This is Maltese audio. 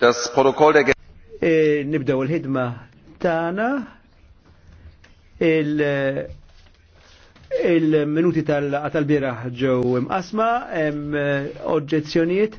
Das Protokoll der Nibdaw e, Nibdew il-ħidma tagħna il-minuti il ħidma tagħna il minuti tal bieraħ ġew imqasma hemm oġġezzjonijiet